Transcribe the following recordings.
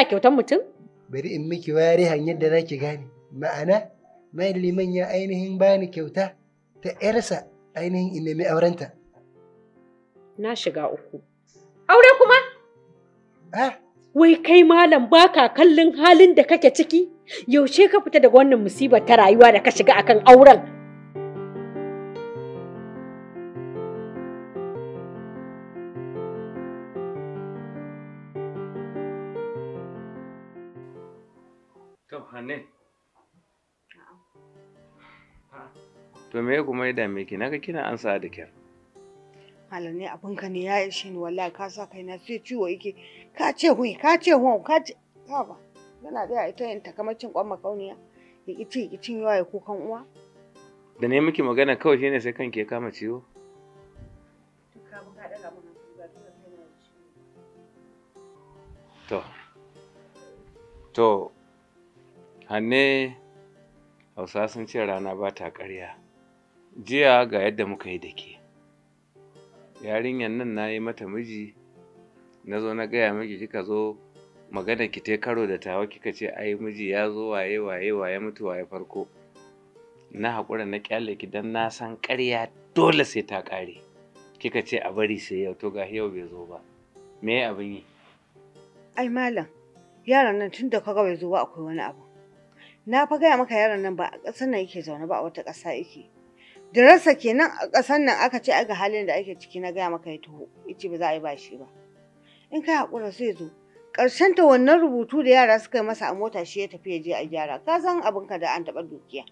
kana kyautar mutum? Bari in miki ware hanyar da za gane. Ma'ana, mai liman ya ainihin bani kyauta ta ‘yarsa ainihin in nemi aurenta. Na shiga uku. Aure kuma? Wai kai malam baka kallon halin da kake ciki? Yaushe ka fita daga wannan musibar ta rayuwa da ka shiga akan auren? To me kuma ya dame ki? Naga kina an sa da kyar. Malam ne abin ka ne ya ishe ni wallahi ka sa kaina sai ciwo yake. Ka ce hui, ka ce hu, ka ce haba. Yana da ita yin takamacin kwan makauniya. Ya ki ci, ki cin yawa ya kukan uwa. Da ne miki magana kawai shine sai kanki ya kama ciwo. To, to, hanne hausa sun ce rana ba ta ƙarya jiya ga yadda muka yi da ke yarinyar nan na yi mata miji na zo na gaya miki kika zo magana ki te karo da tawa kika ce ai miji ya zo waye waye waye mutu waye farko na haƙura na ƙyale ki dan na san ƙarya dole sai ta ƙare kika ce a bari sai yau to ga yau bai zo ba me abin yi ai malam yaron nan tun da kaga bai zo ba akwai wani abu na fa gaya maka yaron nan ba a ƙasar nan yake zaune ba a wata ƙasa yake dirarsa kenan a ƙasar nan aka ce aga halin da ake ciki na gaya maka ya taho yace ba za a yi ba shi ba in ka haƙura sai zo ƙarshen ta wannan rubutu da yara suka yi masa a mota shi ya tafi ya je a gyara ka san abin ka da an taɓa dukiya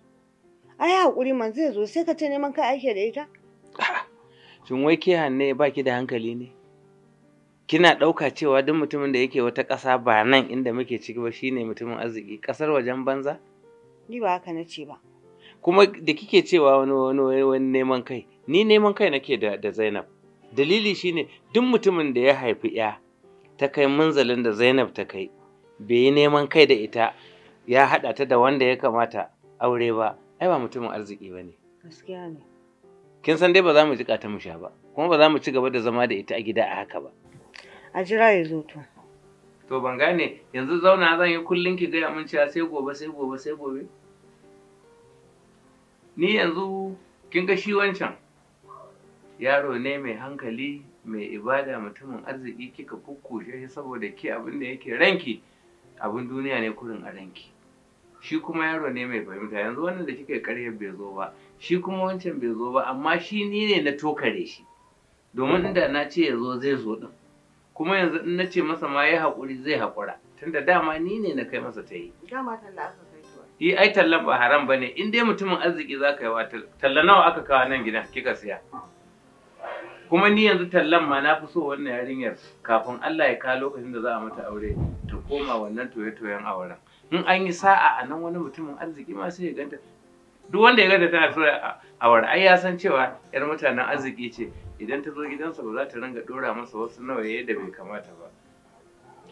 ai haƙuri man zai zo sai ka ce neman kai ake da ita shin wai ke hanne ba ki da hankali ne kina ɗauka cewa duk mutumin da yake wata ƙasa ba nan inda muke ciki ba shine mutumin arziki ƙasar wajen banza? Ni ba haka nace ba. Kuma da kike cewa wani wani wani neman kai, ni neman kai nake da, da Zainab. Dalili shine duk mutumin da ya haifi ya ta kai munzalin da Zainab ta kai, bai yi neman kai da ita ya haɗa ta da wanda ya kamata aure ba, ai ba mutumin arziki ba ne. Gaskiya ne. Kin san dai ba za mu jiƙa ta mu sha ba, kuma ba za mu ci gaba da zama da ita a gida a haka ba. a jira ya zo to to ban gane yanzu zauna zan yi kullun ki gaya min cewa sai gobe sai gobe sai gobe ni yanzu kin ga shi wancan yaro ne mai hankali mai ibada mutumin arziki kika kukkushe shi saboda ke abin da yake ranki abin duniya ne kurin a ranki shi kuma yaro ne mai fahimta yanzu wannan da kika karyar bai zo ba shi kuma wancan bai zo ba amma shi ni ne na tokare shi domin inda na ce ya zo zai zo din kuma yanzu in ce masa ma ya haƙuri zai haƙura tunda dama ni ne na kai masa ta yi dama talla aka kai tuwa yi ai tallan ba haram ba ne. in dai mutumin arziki za ka yi wa talla nawa aka kawo nan gidan kika siya kuma ni yanzu tallan ma na fi so wannan yarinyar kafin Allah ya kawo lokacin da za a mata aure ta koma wannan toye-toyen auren in an yi sa'a a nan wani mutumin arziki ma sai ya ganta duk wanda ya ganta tana tura awar ai ya san cewa yar mutanen arziki ce idan ta zo gidansa ba za ta ringa dora masa wasu nawaye da bai kamata ba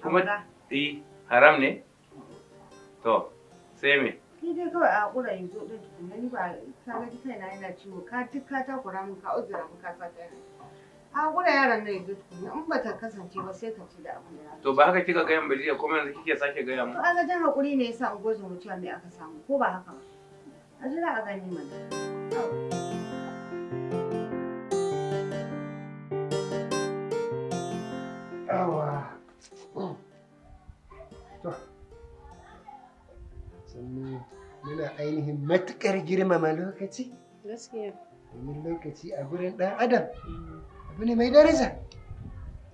kuma eh haram ne to sai me ni dai kawai a hakura in zo din tukunna ni ba ka ga duka na yana ciwo ka duk ka takura min ka uzura min ka sa ta a hakura yaran nan yanzu tukunna in ba ta kasance ba sai ka ci da abin da to ba haka kika ga yan bajiya kuma yanzu kike sake gaya mu to an ga jan hakuri ne yasa an gozo mutuwa me aka samu ko ba haka ba a jira a gani mana muna ainihin matukar girmama lokaci gaskiya domin lokaci a gurin ɗan adam abu ne mai daraja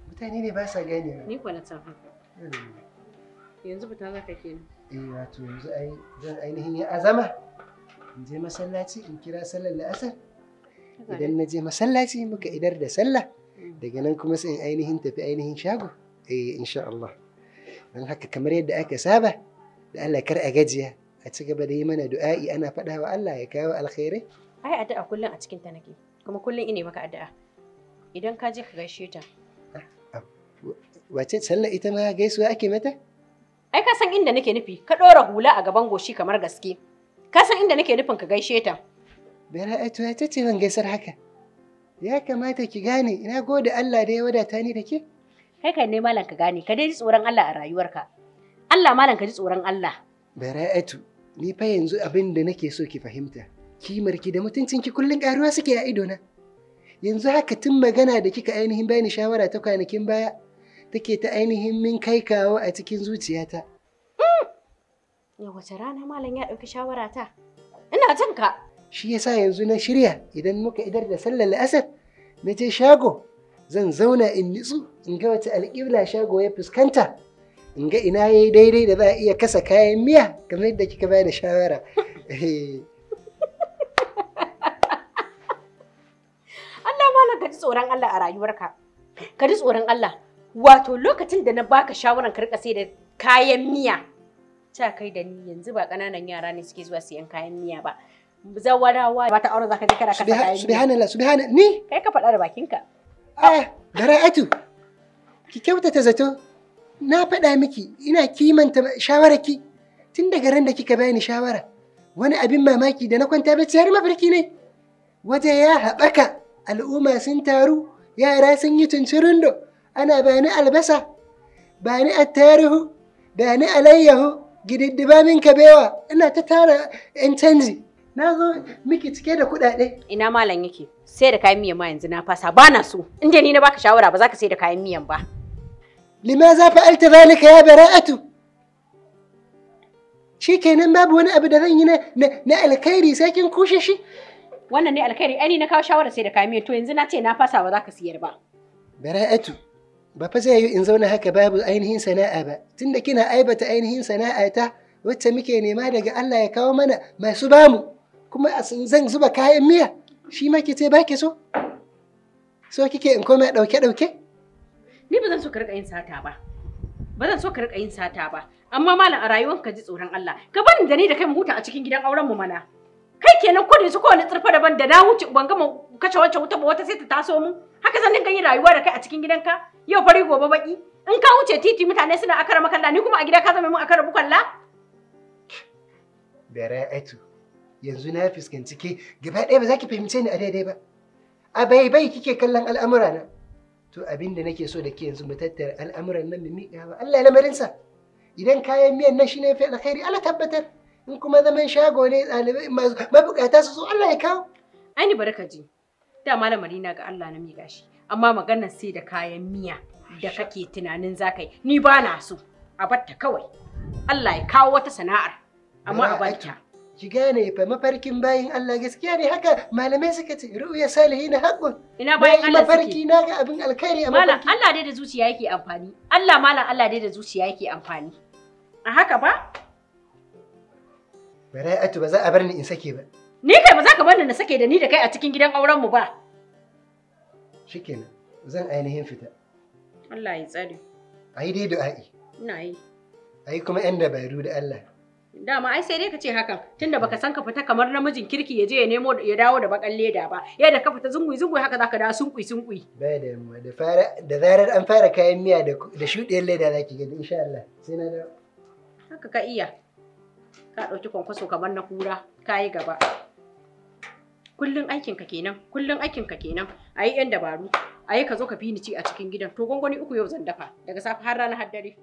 mutane ne ba sa gane ni kwa na yanzu fita za ka kenan eh wato yanzu ai zan ainihin yi azama in je masallaci in kira sallar la'asar idan na je masallaci muka idar da sallah mm. daga nan kuma sai ainihin tafi ainihin shago eh insha Allah don haka kamar yadda aka saba da Allah kar a gajiya a ci gaba da yi mana du'a'i ana faɗa wa Allah ya kawo alkhairi? ai addu'a kullum a cikin ta nake kuma kullum ine maka addu'a idan ka je ka gaishe ta wace sallar ita ma gaisuwa ake mata ai ka san inda nake nufi ka ɗora hula a gaban goshi kamar gaske ka san inda nake nufin ka gaishe ta bera ai to ta ce ban gaisar haka ya kamata ki gane ina gode Allah da ya wadata ni da ke kai kai ne malam ka gane ka dai ji tsoron Allah a rayuwarka Allah malam ka ji tsoron Allah bera ai Ni fa yanzu abin da nake so ki fahimta, kimarki da mutuncin ki, kullum ƙaruwa suke a idona. Yanzu haka tun magana da kika ainihin bani shawara ta kwanakin baya, take ta ainihin min kai kawo a cikin zuciyata. Ya wace rana malam ya ɗauki shawara ta? Ina jin ka. Shi yasa yanzu na shirya idan muka idar da sallar la'asar na je shago zan zauna in nitsu in ga wace alƙibla shago ya fuskanta. in ga ina yayi daidai da za a iya kasa kayan miya kamar yadda kika bayar da shawara Allah nan ka ji tsoron Allah a rayuwarka ka ji tsoron Allah wato lokacin da na baka shawaran ka rika sai da kayan miya ta kai da ni yanzu ba kananan yara ne suke zuwa siyan kayan miya ba zawarawa ba ta aure zaka je kana kasa kayan miya subhanallah subhanallah ni kai ka faɗa da bakinka eh dara atu ki kyautata zato na faɗa miki ina kimanta shawara ki. tun daga ran da kika bani shawara wani abin mamaki da na kwanta bacci har mafarki ne waje ya haɓaka al'umma sun taru yara sun yi do ana bani albasa bani attarihu bani alayyahu gididdiba min kabewa ina ta tara yan canji na zo miki cike da kuɗaɗe ina malam yake sai da kayan miyan ma yanzu na fasa ba na so inda ni na baka shawara ba za ka sai da kayan miyan ba limaza fa'alta zalika ya bara'atu shi kenan babu wani abu da zan yi na alkhairi sai kin kushe shi wannan ne alkhairi ani na kawo shawara sai da kamiya to yanzu na ce na fasa ba za ka siyar ba bara'atu ba fa zai yi in zauna haka babu ainihin sana'a ba tunda kina aibata ainihin sana'a ta wacce muke nema daga Allah ya kawo mana masu bamu kuma zan zuba kayan miya shi ma ba ki so so kike in koma ɗauke-ɗauke? ni ba zan so ka rika yin sata ba ba zan so ka rika yin sata ba amma malam a rayuwar ka ji tsoron Allah ka bani da ni da kai mu huta a cikin gidan auren mu mana kai kenan ko da su kowane tsirfa daban da na wuce ban gama kace wacce wuta ba wata sai ta taso mu haka zan dinga yin rayuwa da kai a cikin gidanka yau fari gobe baki in ka wuce titi mutane suna akara makalla ni kuma a gida ka zama mun akara bukalla bere aitu yanzu na fuskanci ke gaba ɗaya ba za fahimce ni a daidai ba a bai bai kike kallon al'amura na to abin da nake so da ke yanzu mu tattara al'amuran nan mu miƙa ba Allah lamarinsa idan kayan miyan nan shine fi alkhairi Allah tabbatar in kuma zaman shago ne ɗalibai mabukata su so Allah ya kawo ai ni ji da malamari na ga Allah na miƙa shi amma maganar sai da kayan miya da kake tunanin zakai ni ba na so a batta kawai Allah ya kawo wata sana'ar amma a batta ki gane fa mafarkin bayin Allah gaskiya ne haka malamai suka ce ru'ya na haqqun ina bayin Allah mafarki na ga abin alkhairi a malam Allah dai da zuciya yake amfani Allah malam Allah dai da zuciya yake amfani a haka ba atu ba za a bar ni in sake ba Ni kai ba za ka bar ni na sake da ni da kai a cikin gidan auren mu ba Shikenan zan ainihin fita Allah ya tsare Ayi dai du'a'i Ina yi Ayi kuma 'yan dabaru da Allah dama ai sai dai ka ce hakan tunda baka san ka fita kamar namijin kirki ya je ya nemo ya dawo da bakan leda ba da ka fita zungui zungui haka zaka dawo sunkui sunkui bai da mu da fara da zarar an fara kayan miya da da shuɗiyar leda zaki gani insha Allah sai na haka ka iya ka ɗauki kwankwaso kamar na kura ka gaba kullun aikin ka kenan kullun aikin ka kenan ayi yan dabaru ayi ka zo ka fi ci a cikin gidan to gwangwani uku yau zan dafa daga safe har rana har dare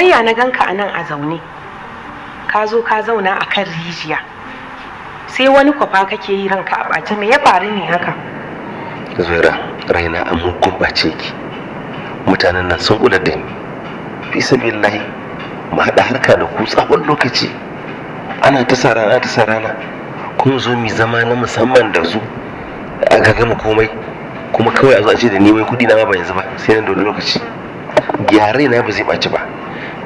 wayya na ganka a nan a zaune ka zo ka zauna a kan rijiya sai wani kwafa kake yi ranka a ɓace me ya faru ne haka zura raina a mugun ɓace ki mutanen nan sun kula da ni fi lahi. mu haɗa harka da ku tsawon lokaci ana ta sarana rana ta sarana rana kuma zo mi zama na musamman da su a ga gama komai kuma kawai a zo ce da ni wai kuɗi na ma ba yanzu ba sai nan da wani lokaci gyare na ba zai ɓaci ba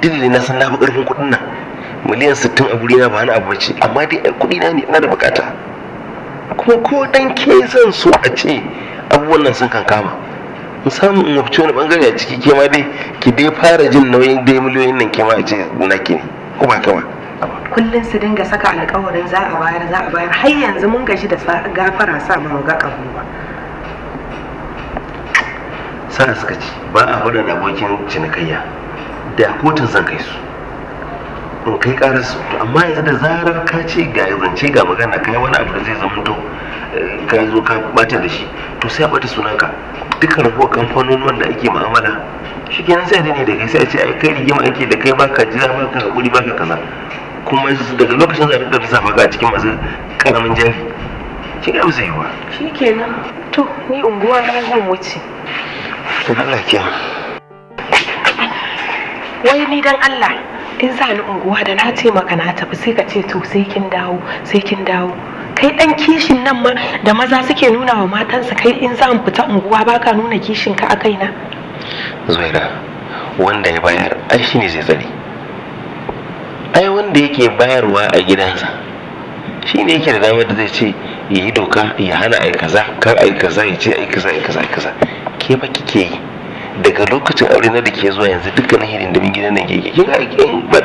duk da na san na fi ƙarfin kuɗin nan miliyan sittin a guri na ba na abu ce amma dai kuɗi na ne ina da bukata kuma ko dan ke zan so a ce abubuwan nan sun kankama kama musamman in wafce wani bangare a ciki ke ma dai ki dai fara jin nauyin dai miliyoyin nan ke ma a ce na ke ne ko ba kama kullum su dinga saka alkawarin za a bayar za a bayar har yanzu mun gashi da gafara sa mu ga kafu ba sa suka ci ba a da abokin cinikayya da kotun san kai su in kai karar su to amma yanzu da zarar ka ce ga zance ga magana kai wani abu da zai zama to eh, ka zo ka bata da shi to sai a bata sunanka dukkan rabuwar kamfanonin da ake mu'amala shi kenan sai ne da kai sai a ce a kai rigima ake da kai baka jira baka hakuri baka kaza kuma daga lokacin zarar da zafa ga cikin masu karamin jari shi ga zai yiwa shi kenan to ni unguwa na zan wuce Allah kiya wai ni dan Allah in za ni unguwa da na ce maka na tafi sai ka ce to sai kin dawo sai kin dawo kai dan kishin nan ma da maza suke nuna wa matansa kai in za mu fita unguwa baka nuna kishin ka a kaina zuwaira wanda ya bayar ai ne zai tsare ai wanda yake bayarwa a gidansa shine yake da damar da zai ce ya yi doka ya hana yi kaza kar yi kaza ya ce yi kaza ai kaza kaza ke ba kike yi daga lokacin aure na da ke zuwa yanzu dukkanin hirin da gidan nan ke kin ga in ba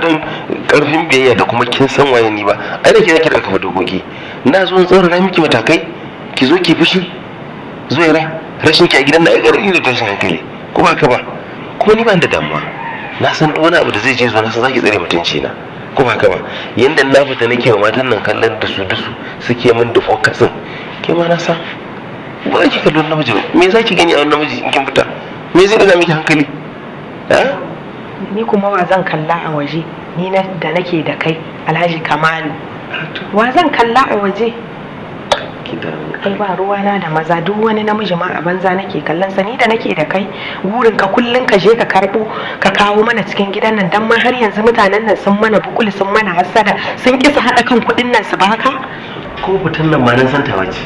karfin biyayya da kuma kin san waye ni ba ai da ke zaki da kafa dokoki na zo in na miki matakai ki zo ki fushi zo ya rashin ki a gidan na ni da tashin hankali ko ba ka ba kuma ni ba da damuwa na san wani abu da zai je zuwa na san zaki tsare mutunci na ko ba ka ba yanda na fita nake wa matan nan kallon da su dusu suke min da fokasin ke ma na san ba ki kallon namiji me za ki gani a wani namiji in kin fita me zai daga miki hankali eh? ni kuma wa zan kalla a waje ni da nake da kai alhaji kamani wa zan kalla a waje kai ba na da maza duk wani namiji ma a banza nake kallon sa ni da nake da kai gurin ka kullun ka je ka karbo ka kawo mana cikin gidan nan dan ma har yanzu mutanen nan sun mana bukul sun mana hasada sun kisa hada kan kudin nan su baka ko butun nan ma nan san wace.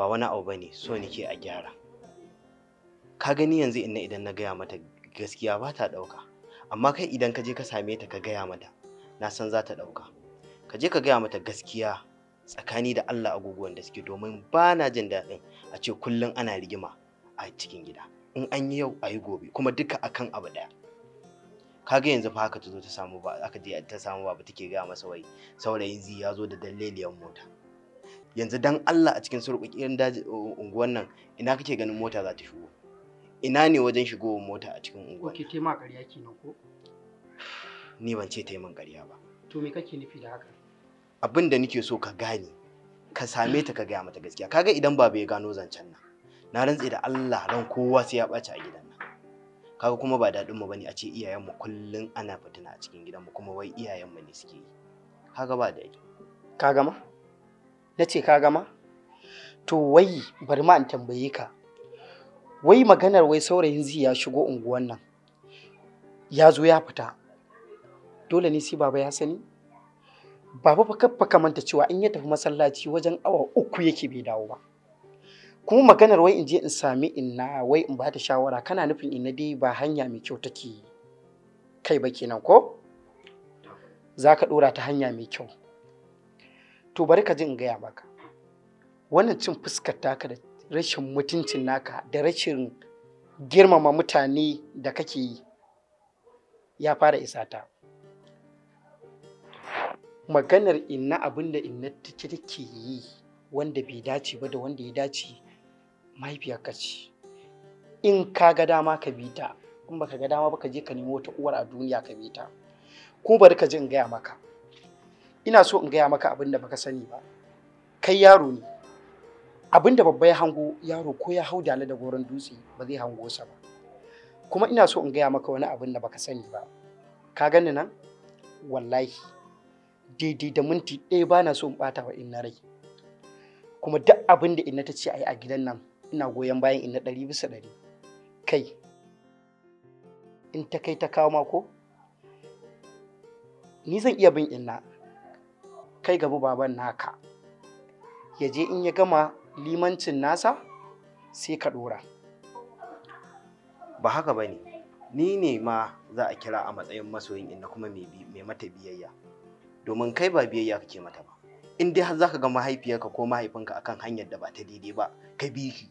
ba wani abu ba ne, so nake a gyara ka gani yanzu inna idan na gaya mata gaskiya ba ta ɗauka amma kai idan ka je ka same ta ka gaya mata na san za ta ɗauka ka je ka gaya mata gaskiya tsakani da Allah agogon da suke domin ba na jin daɗin a ce kullum ana rigima a cikin gida in an yi yau a yi gobe kuma duka akan abu ɗaya ga yanzu fa haka ta zo ta samu ba aka je ta samu ba take gaya masa wai saurayin zi ya zo da dalliliyar mota yanzu dan Allah a cikin surbuƙiyar unguwan nan ina kake ganin mota za ta shigo ina ne wajen shigowar mota a cikin unguwa ke taimaka ƙarya kenan ko ni ban ce taimaka ƙarya ba to me kake nufi da haka abin da nake so ka gane ka same ta ka gaya mata gaskiya kaga idan ba ya gano zancen nan na rantse da Allah ran kowa sai ya ɓaci a gidan nan kaga kuma ba daɗin mu bane a ce mu kullun ana fitina a cikin gidan mu kuma wai iyayen mu ne suke yi kaga ba daɗi kaga ma na ce ka gama to wai bari ma in tambaye ka wai maganar wai saurayin zai ya shigo unguwan nan ya zo ya fita dole ne sai baba ya sani baba fa kaffa kamanta cewa in ya tafi masallaci wajen awa uku yake bai dawo ba kuma maganar wai in je in sami inna wai in ba ta shawara kana nufin inna dai ba hanya mai kyau take kai ba kenan ko za ka ɗora ta hanya mai kyau to bari ka ji in gaya maka wannan cin fuskar taka da rashin mutuncin naka da rashin girmama mutane da kake yi ya fara isa ta maganar inna abin da inna take take yi wanda bai dace ba da wanda ya dace mahaifiyarka ce in ka ga dama ka bi ta in baka ga dama ba ka je ka nemo wata uwar a duniya ka bi ta ko bari ka ji in gaya maka ina so in gaya maka abin da baka sani ba kai yaro ne abin da babba ya hango yaro ko ya hau dala da goron dutse ba zai hango sa ba kuma ina so in gaya maka wani abin da baka sani ba ka gani nan wallahi daidai da minti ɗaya ba na so in ɓata wa inna rai kuma duk abin da inna ta ce a a gidan nan ina goyon bayan ina ɗari bisa ɗari kai in ta kai ta kawo mako ni zan iya bin inna kai gabi baban naka ya je in ya gama limancin nasa sai ka ɗora ba haka ba ne ni ne ma za a kira a matsayin masoyin inda kuma mai mata biyayya domin kai ba biyayya kake mata ba in dai har zaka ga mahaifiyarka ko mahaifinka akan hanyar da ba ta daidai ba ka bi shi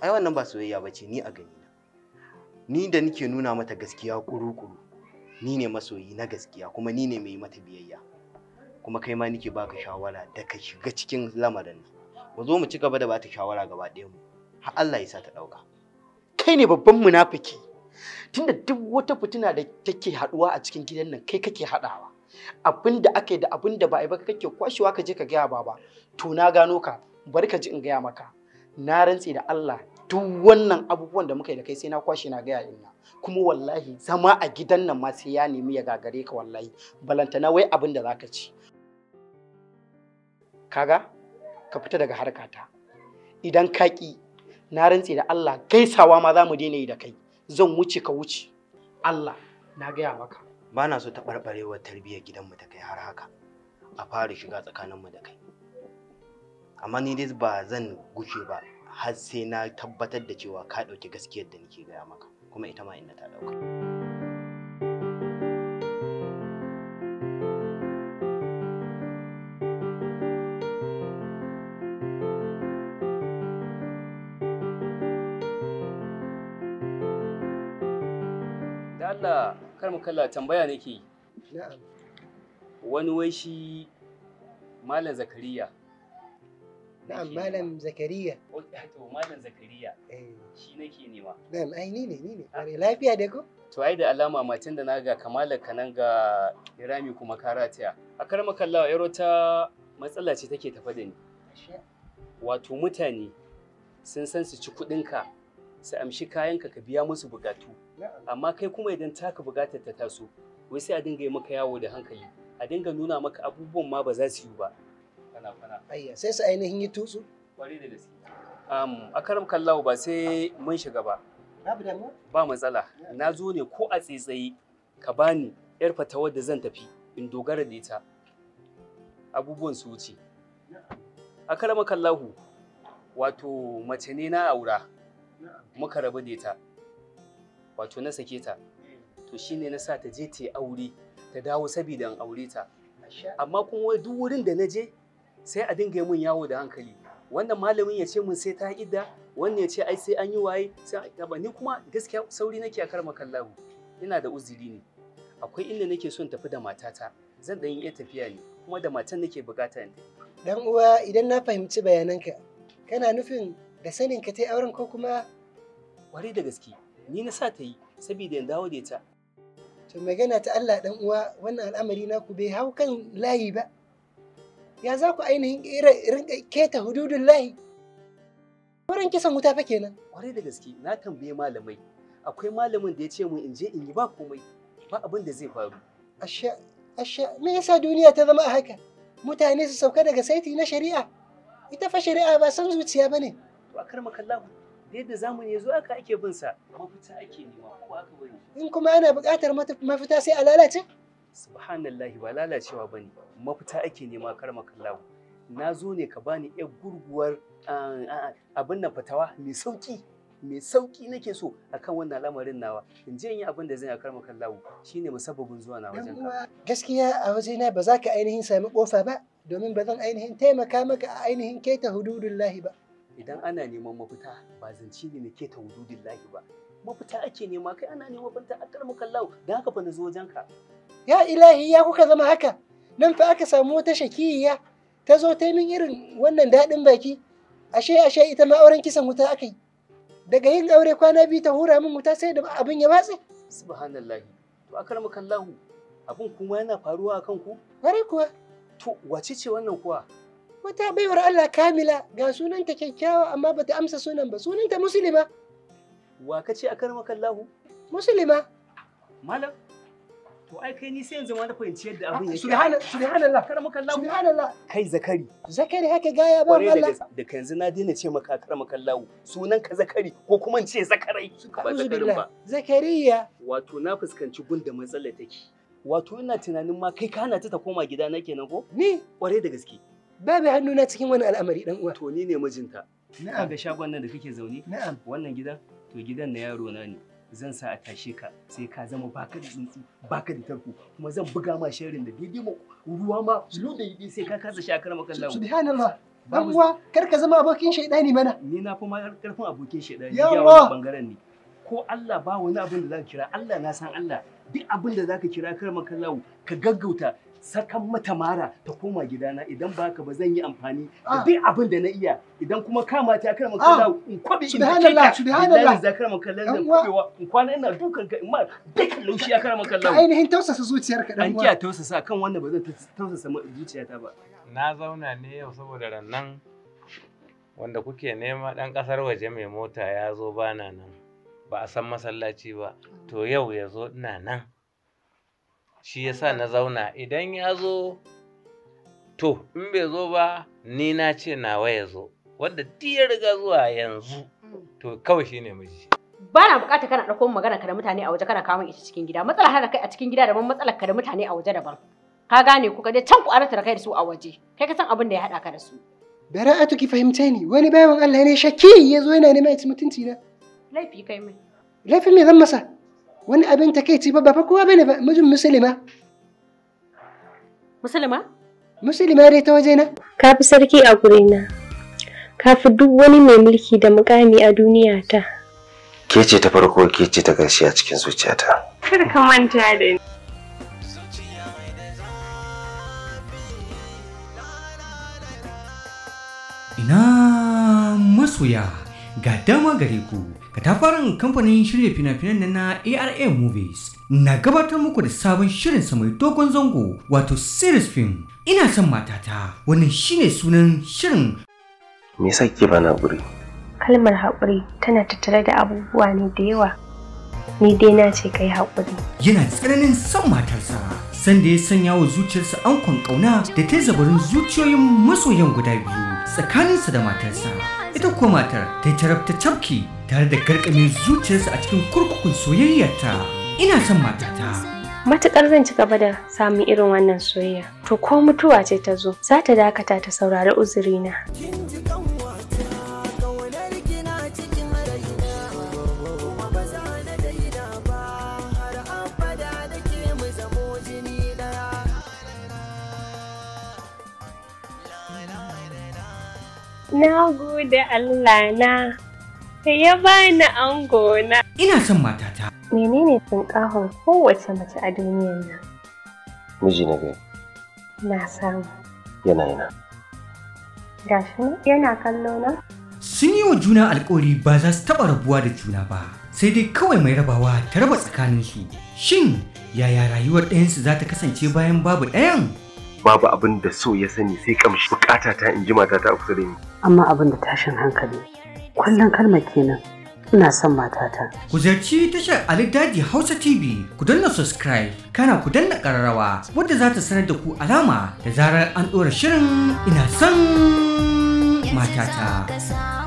ai wannan ba soyayya ba ce ni a gani ni da nike nuna mata gaskiya kuru-kuru ni ne masoyi na gaskiya kuma ni ne mai mata biyayya kuma kai ma nake baka shawara da ka shiga cikin lamarin nan mu zo mu ci gaba da bata shawara gaba ɗaya mu har Allah ya sa ta ɗauka kai ne babban munafiki tunda duk wata fitina da take haduwa a cikin gidan nan kai kake haɗawa abin da da abin ba a yi ba kake kwashewa ka je ka gaya baba to na gano ka bari ka ji in gaya maka na rantse da Allah duk wannan abubuwan da muka yi da kai sai na kwashe na gaya inna kuma wallahi zama a gidan nan ma sai ya nemi ya gagare ka wallahi balantana wai abin da zaka ci kaga ka fita daga harkata idan ka na rantse da Allah gaisawa ma zamu mu daina yi da kai zan wuce ka wuce Allah na gaya maka ba na so taɓarɓarewar tarbiyyar gidanmu ta kai har haka a fara shiga tsakaninmu da kai amma ni dai ba zan gushe ba har sai na tabbatar da cewa ka ɗauki gaskiyar da nake gaya maka kuma ita ma inda ta ɗauka. Allah kar mu kalla tambaya nake yi. Wani wai shi Malam Zakariya. Na'am Malam Zakariya. To Malam Zakariya. Eh. Shi nake nema. Na'am ai ni ne ni ne. Ah. Are lafiya da ko? To ai da alama matan da ga kamala kanan ga Irami kuma karatiya. A kar mu kalla yaro ta matsala ce take tafa da ni. Wato mutane sun san su ci kuɗinka su amshi kayanka ka biya musu bugatu amma kai kuma idan taka bukatar ta taso wai sai a dinga yi maka yawo da hankali a dinga nuna maka abubuwan ma ba za su yi ba sai su ainihin yi tutsu da a karam kallahu ba sai mun shiga ba ba matsala na zo ne ko a tsaitsaye ka bani yar fatawar da zan tafi in dogara da ita abubuwan su wuce a karama kallahu wato mace ne na aura muka rabu da ita wato na sake ta to shine na sa ta je ta aure ta dawo saboda an aure ta amma kuma duk wurin da na je sai a dinga mun yawo da hankali wannan malamin ya ce mun sai ta idda wannan ya ce ai sai an yi waye sai ni kuma gaskiya sauri nake a karma kallahu ina da uzuri ne akwai inda nake son tafi da matata zan dan iya tafiya ne kuma da matan nake bukata ne dan uwa idan na fahimci bayananka kana nufin da sanin ka ta auren ko kuma ware da gaske ni na sa ta yi saboda in dawo da ita to magana ta Allah dan uwa wannan al'amari ku bai hau kan layi ba ya za ku ainihin rinka keta hududun layi wurin kisan wuta fa kenan kwarai da gaske na tambaye malamai akwai malamin da ya ce min in je in yi ba komai ba abin da zai faru Ashe, ashe, me yasa duniya ta zama a haka mutane su sauka daga saiti na shari'a ita fa shari'a ba san zuciya bane to a karma kallahu da yadda zamani ya zo aka ake bin sa mafita ake nema ko aka bari in kuma ana buƙatar mafita sai a lalace subhanallahi ba lalacewa bane mafita ake nema karma kallahu na zo ne ka bani yar gurguwar abin nan fatawa mai sauki mai sauki nake so akan wannan lamarin nawa in je in yi abin da zan akar maka lawo shine musabbabin zuwa na wajen ka gaskiya a wajena ba za ka ainihin sami kofa ba domin ba zan ainihin taimaka maka a ainihin keta hududullahi ba idan ana neman mafita ba zance ne na keta wududillahi ba mafita ake nema kai ana neman mafita akal mukallau da haka fa na zo wajenka ya ilahi ya kuka zama haka nan fa aka samu wata shakiyiya ta zo ta min irin wannan daɗin baki ashe ashe ita ma auren kisan wuta aka yi daga yin aure kwana biyu ta hura min wuta sai da abin ya batse subhanallahi to akal mukallahu abin kuma yana faruwa akan ku bare kuwa to wace ce wannan kuwa wata baiwar Allah kamila ga sunanta kyakkyawa amma bata amsa sunan ba sunanta muslima wa ka ce akar makallahu muslima malam to ai kai ni sai yanzu ma na fahimci yadda abin yake subhana subhanallah kar makallahu subhanallah kai zakari zakari haka gaya ba Allah da kan yanzu na daina ce maka kar makallahu sunan ka zakari ko kuma in ce zakarai ba zakarin ba zakariya wato na fuskanci gunda matsalar take wato ina tunanin ma kai hana ta ta koma gida na kenan ko ni kware da gaske babu hannuna cikin wani al'amari dan uwa to ni ne mijinta na'am ga shagon nan da kake zaune na'am wannan gidan to gidan na yaro na ne zan sa a tashe ka sai ka zama baka da tsuntsu baka da tarko kuma zan buga ma sharrin da daidai mu ruwa ma zulu da yi sai ka kasa shakar maka lawo subhanallah dan uwa kar ka zama abokin shaidani mana ni na fi ma karfin abokin shaidani yawa bangaren ne ko Allah ba wani abin da zaka kira Allah na san Allah duk abin da zaka kira kar maka lawo ka gaggauta sakan mata mara ta koma gidana idan baka ba zan yi amfani da ah. duk abin da na iya idan kuma kama ta karma ah. da in kwabi in subhanallah subhanallah za karma kalla da kwabewa in kwana ina dukan ka in ma laushi ya karma kalla ainihin tausasa ka dan uwa an kiya tausasa kan wanda ba zan tausasa zuciyata ba na zauna ne yau saboda rannan wanda kuke nema dan kasar waje mai mota ya zo bana nan ba a san masallaci ba to yau ya zo ina nan shi yasa na zauna idan ya zo to in bai zo ba ni na ce nawa ya zo wanda duk ya riga zuwa yanzu to kawai ne miji ba na bukata kana ɗauko magana ka da mutane a waje kana kawo ita cikin gida Matsala hana kai a cikin gida daban matsalar ka da mutane a waje daban ka gane ku ka je can ku arata kai da su a waje kai ka san abin da ya haɗa ka da su bara'atu ki fahimce ni wani bayan Allah ne shaki ya zo yana neman ya mutunci na laifi kai mai Laifi me zan masa wani abin kai ci ba fa kowa bane mijin musulma musulma musulma dai ta waje na ka fi sarki a gurina ka fi duk wani mai mulki da mukami a duniya ta ke ce ta farko ke ce ta gashi a cikin zuciyata kar ka manta da ni ina masoya ga dama gare ku tafarin kamfanin shirya fina-finan na ARA Movies na gabatar muku da sabon shirin sa mai dogon zango wato series film ina son matata wannan shine sunan shirin. Me yasa ba bana guri? Kalmar haƙuri tana tattare da abubuwa ne da yawa. Ni dai na ce kai haƙuri. Yana tsananin son matarsa sanda ya sanya wa zuciyarsa ankon ƙauna da ta zabarin zuciyoyin masoyan guda biyu tsakaninsa da matarsa. Ita kuwa matar ta tarabta cafki tare da karkame zuciyarsa a cikin kurkukun soyayyarta ina son matata Matuƙar zan ci gaba da samun irin wannan soyayya to ko mutuwa ce ta zo za ta dakata ta saurari uzurina Na gode Allah na Ka ya bani ango na. Ina son matata. Menene sun kahon kowace mace a duniyar nan? Miji na biyu. Na samu. Yana yana. Gashi yana kallo na? Sun yi wa juna alkawari ba za su taɓa rabuwa da juna ba. sai dai kawai mai rabawa ta raba tsakanin tsakaninsu shin yaya rayuwar ɗayansu za ta kasance bayan babu ɗayan babu abin da so ya sani sai kamshi bukata ta in ji matata a kusa da ni amma abin da tashin hankali Kwallon kalmar kenan. Ina son matata. Ku ziyarci tashar Ali Daji Hausa TV, ku danna subscribe, kana ku danna ƙararrawa wadda za ta sanar da ku alama da zarar an ɗora shirin ina son matata.